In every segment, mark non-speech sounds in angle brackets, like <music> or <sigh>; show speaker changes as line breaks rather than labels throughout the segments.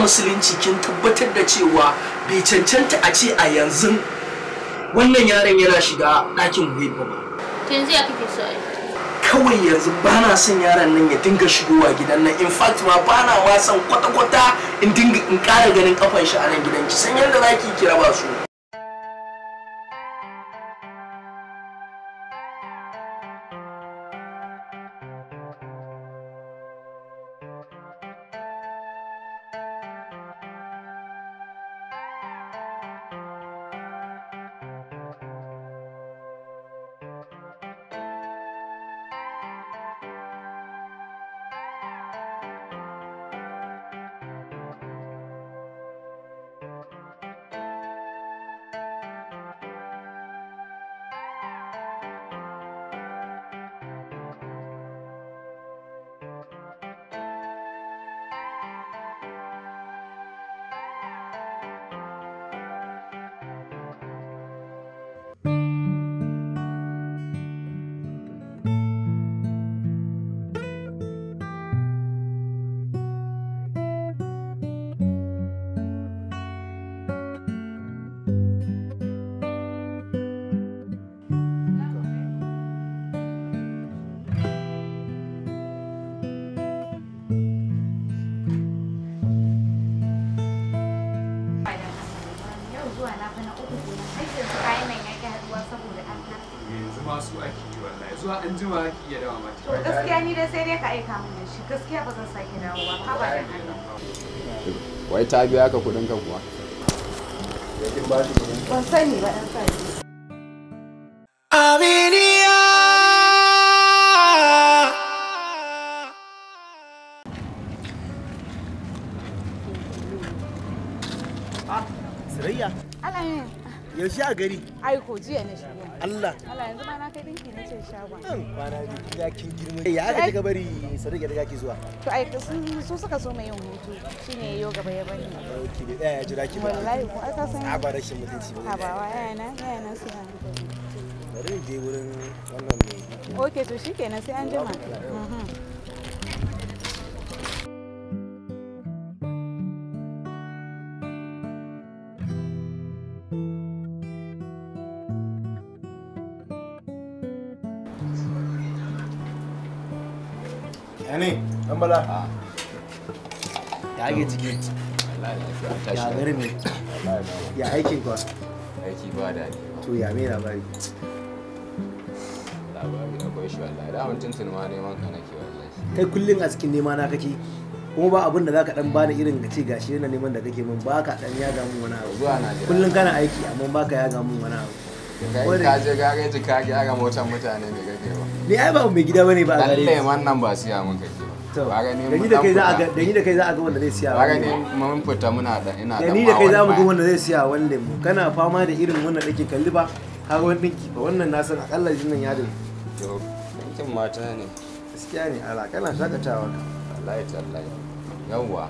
musulunci kin tabbatar da cewa bai cancanta a ce a yanzu wannan yaron yana shiga ɗakin haihuwa ba.
Tunzi ya kake so
kawai yanzu ba na son yaron nan ya dinga shigowa gidan nan in fact ma ba na ma kwata-kwata in dinga in ƙara ganin kafan shi a nan gidan ki san yadda za ki kira ba su.
masu ake yi wallahi zuwa an jima ake iya dawa mata to gaskiya ni
dai sai dai ka aika min da shi gaskiya ba zan sake dawo ka ba da
wai ta biya ka kudin ka kuwa yakin ba shi kudin ban sani ba dan sani
Aminiya
ah,
Sirayya? Alamin. Eh. Yaushe a gari?
Aiko jiya na shigo. Allah Allah yanzu kai dinki na ce shagon kwana
ya kin girma kika bari sadiq zuwa
to ai su suka so mai yin hutu shine ya bani
ya jira ki wallahi
aka san a
mutunci ba ba wa
sai an
bari sai an ya dan bala ya ake ciki ya gari ne ya aikin kwa aiki ba da to ya me labari labari akwai shi wallahi da
neman ka nake wallahi kai kullun a cikin nema na kake kuma ba abin da zaka dan bani irin ka ce gashi yana neman da kake mun ba ka dan ya ga mun wani abu kullun kana aiki amma ba ka ya ga mun wani abu
ka je gareji ka gyara motar mutane da gaje ba ni ai ba mai gida bane ba a gareji dan wannan ba siya mun kake ba da ni da kai za a ga da da kai za a ga wanda zai siya ba ne mun fita muna da ina da ni da kai za mu ga
wanda zai siya wannan mu kana fama da irin wannan dake kalli ba
kaga wani dinki ba wannan na san akalla jin ya da to dinkin mata ne gaskiya ne ala kana shakatawa wallahi tallahi yawwa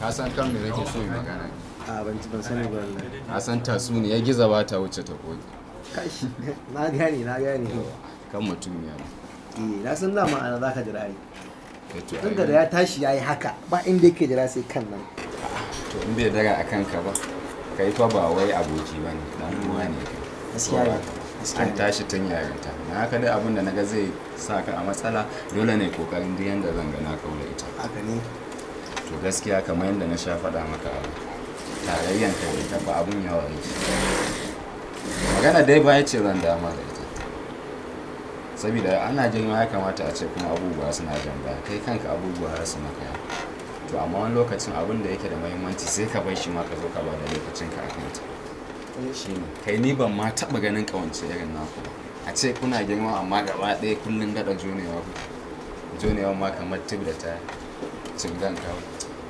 ka san kan me nake so yi magana a ban ban sani ba wallahi a san tasu ne ya giza ba ta wuce ta koki kashi
<laughs> na gani na gani
kan mutum ya eh na san dama
ana zaka jira ai
eh, tun da ya
tashi yi haka ba inda yake jira sai kan nan
to in bai daga a ka ba kai fa ba wai aboki ba ne dan uwa ne gaskiya an tashi tun yarinta na haka dai abin da naga zai sa ka a matsala dole ne kokarin duk yanda zan ga na kaula ita haka ne to gaskiya kamar yadda na sha faɗa maka abu tarayyanta ne ita ba abun yawa ne magana dai ba ya ce zan dama da ita saboda ana girma ya kamata a ce kuma abubuwa suna jan baya kai kanka abubuwa har su maka to amma wani lokacin abin da yake da mahimmanci sai ka bar shi ma ka zo ka ba da lokacin ka akan ta eh, ne kai ni ban ma taba ganin kawance irin naku ba a ce kuna girma amma gaba ɗaya kullum gaɗa jonewa ku jonewa ma kamar da ta cingan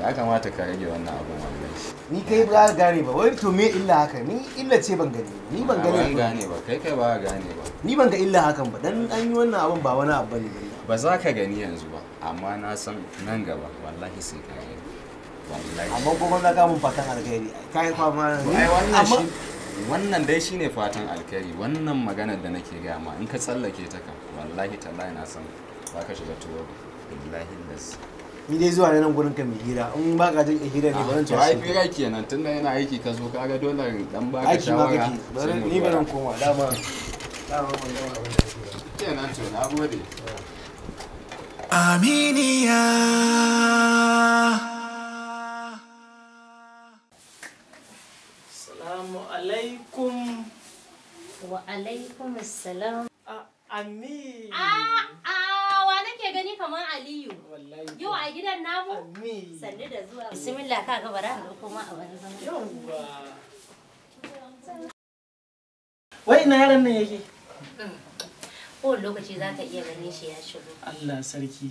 ya kamata ka rage wannan abun wannan shi
ni kai ba gane ba wai to me illa haka ni illa ce ban gane ni ban gane ba gane
ba kai kai ba gane ba
ni ban ga illa hakan ba dan an yi wannan abun ba
wani abu bane ba za ka gani yanzu ba amma na san nan gaba wallahi sai ka gani amma kuma
na kamun fatan alkhairi kai kwa ma wannan Amma.
wannan dai shine fatan alkhairi wannan maganar da nake ga ma in ka tsallake ta kan wallahi tallahi na san ba ka shiga tuwo billahi das
ni dai zuwa nan gurin ka mai hira in ba ka jin hira ne ba zan ci ah, ai hira
kenan tunda yana aiki ka zo kaga dole dan ba ka shawara aiki ba ni ba nan koma dama dama ban gama abin da kenan to na gode
Aminiya Assalamu alaikum Wa alaikum assalam Amin. Ah, ah. gani kamar Aliyu. Yau a gidan namu? Sannu da zuwa. Bismillah ka ga bara da kuma a wani zama.
Wai ina yaran nan yake?
Kowane lokaci za ka iya ganin shi ya shigo.
Allah sarki.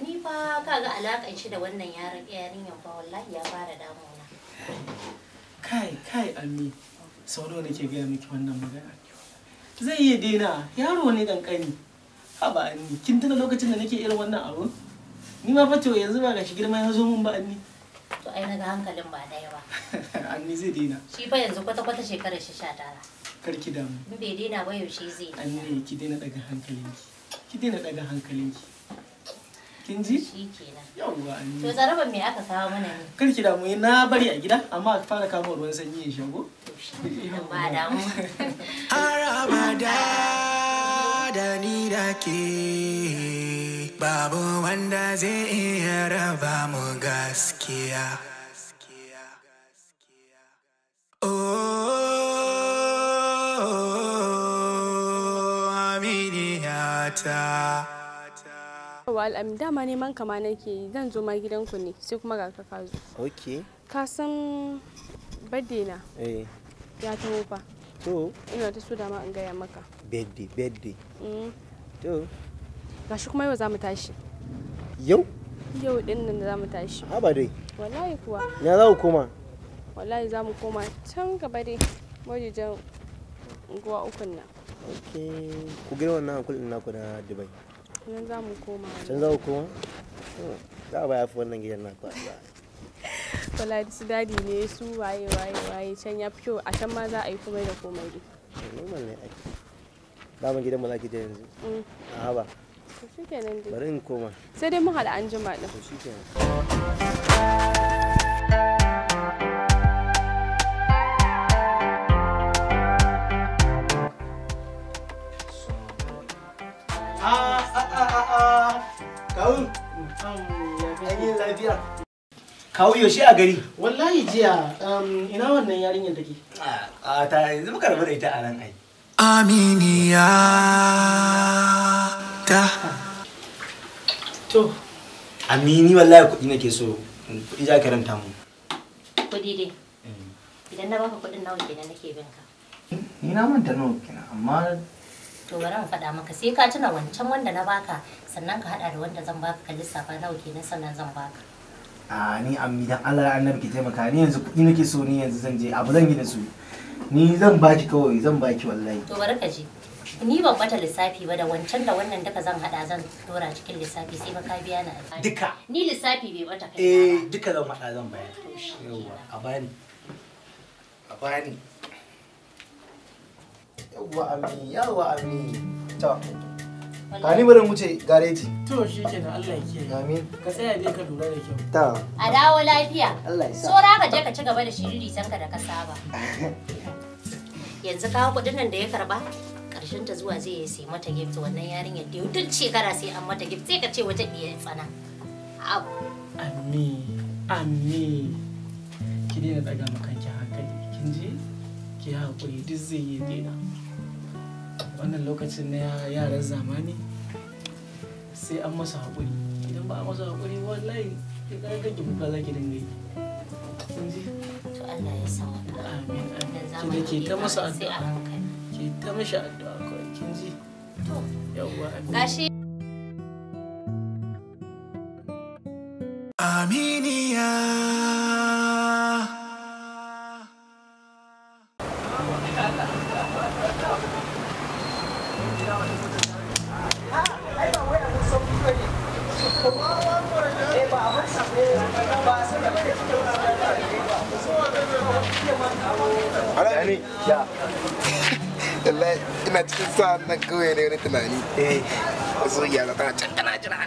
Ni fa ka ga alakan shi da wannan yaran yan fa wallahi ya fara damuna.
Kai kai Ami. Sau nawa nake gaya miki wannan magana. Zai iya daina yaro ne kankani. haba ni kin tuna lokacin da nake
irin wannan abu ni ma fato yanzu ba gashi girma ya zo mun ba anni to ai naga hankalin ba daya ba <laughs> anni zai dina shi fa yanzu kwata kwata shekarar shi 19
kar ki damu in
bai dina ba yaushe zai
anni ki dina daga hankalinki ki dina daga hankalinki
kin ji shi kenan
yawwa anni to zaraban
me aka kawo mana ne
kar ki damu na bari a gida amma aka fara kawo ruwan sanyi ya shago to shi ba damu <laughs> da ni da ke
babu wanda zai iya raba mu gaskiya
oh, ta
wal am dama neman kama nake zan zo ma gidanku ne sai kuma ga ka kazo. Ok. ka san eh. ya tawo fa to ina ta so da ma in gaya maka
birthday birthday mm. to
gashi kuma yau za mu tashi yau yau din nan za mu tashi haba dai wallahi kuwa
ya za ku koma
wallahi za mu koma can gaba dai wajejen unguwa ukun nan
ok ku gina wannan hankulin naku na dubai
nan za mu koma
can za ku koma za a baya fi wannan gidan naku
kwala su dadi ne su waye ya fi a can ma za yi komai da komai normal
mu za ki mm. a lafiya. kawo shi a gari wallahi jiya um, ina wannan yarinyar take a ta yanzu muka rabu da ita a nan ai
aminiya ta to
amini wallahi kuɗi nake so kuɗi za ka ranta mu
kuɗi dai eh. idan na baka kuɗin nawa kenan nake bin ka
ni na manta nawa kenan amma
to bari in faɗa maka sai ka tuna wancan wanda na baka sannan ka haɗa da wanda zan baka ka lissafa nawa kenan sannan zan baka
a ni ammi dan Allah annabi ke taimaka ni yanzu kudi nake so ni yanzu zan je abu zan yi da su ni zan baki kawai zan baki wallahi
to bari ka je ni ban bata lissafi ba da wancan da wannan duka zan hada zan dora cikin lissafi sai ba ka biya na duka ni lissafi bai bata kai eh duka zan hada zan bayar
yawa a bani a bani yawa ami yawa ami to ka ni bari wuce gareji to shi ke na Allah ke amin ka tsaya dai ka lura da kyau ta
a dawo lafiya Allah ya sa sora ka je ka ci gaba da shiriri sanka da ka saba <laughs> yanzu ka kudin nan da ya karba karshen ta zuwa zai sai mata gift wannan yarinyar da duk shekara sai an mata gift sai ka ce wata diyar tsana
amin amin ki daina daga makanki hankali kin ji ki hakuri duk zai yi daina wannan lokacin na yaran zamani sai an masa haƙuri idan ba a masa haƙuri wallahi ya ga kake kuka za ki dinga yi to Allah ya sa amin amin ki ta masa addu'a ki ta masa addu'a ko kin ji to yawwa amin gashi wallahi ina cikin sa nan kawai ne wani tunani eh so ya za can tana jira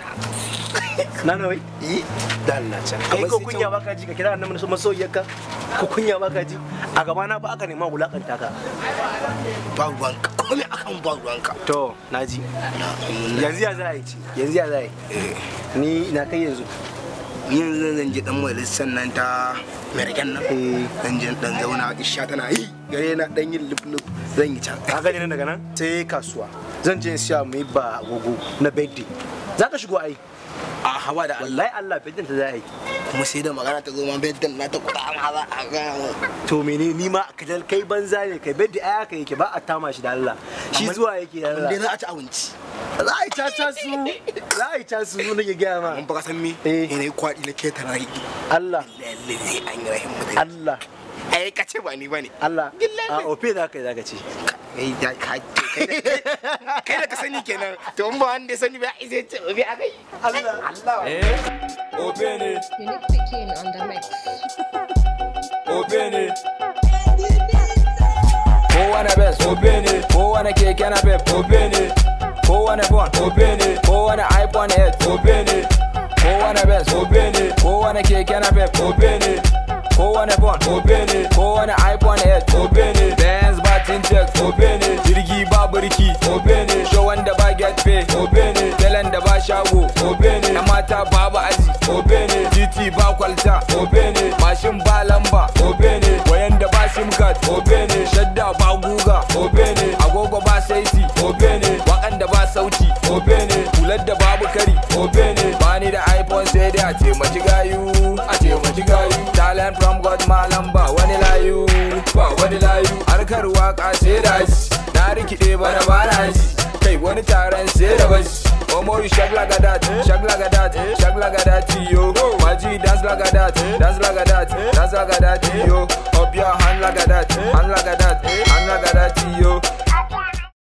na na wai eh dan na can kai ko kunya ji ka kira annabi so masoyiyarka ko kunya baka ji a gaba na ba aka nema wulakanta ka ba akan ba to yanzu ya za a yi yanzu ya za a yi eh. ni na kai yanzu yanzu zan je dan majalisar nan ta mergen nan eh. zan je dan zauna isha tana yi gare na dan yin lub zan yi can ka gani nan daga nan sai kasuwa zan je in siya mai ba agogo na birthday za ka shigo ai a hawa da wallahi Allah birthday ta za yi kuma sai da magana ta zo ma birthday na ta kuɗa ma za a ga to mene ni ma dal kai banza ne kai birthday ai haka yake ba a tama shi da Allah shi zuwa yake da Allah za a ci abinci za a yi caca su za a yi caca su nake gaya ma mun ba ka san me eh ne kwadi na ketara Allah Allah Allah ai ka ce ba ni bane Allah a ofe za ka yi za ka ce kai da ka sani kenan to in ba wanda ya sani ba ai zai ce ofe a kai
Allah Allah ofe ne you need to key in on the mic ofe ne
kowa na best ofe ne kowa na keke na pep ofe ne kowa na phone ofe ne kowa na iphone 8 ofe ne kowa na best ofe ne kowa na keke na pep ofe ne kowa na phone ofe jigayu Talent from Guatemala wani layu ba wani layu harkar waka sai da na rikide bana bana ji kai wani taron sai da bashi Omo you shag like that, shag oh, like that, shag like a that, yo. Maji dance like that, dance like that, dance like
a that, yo. Up your hand like that, hand like that, hand like a that, yo.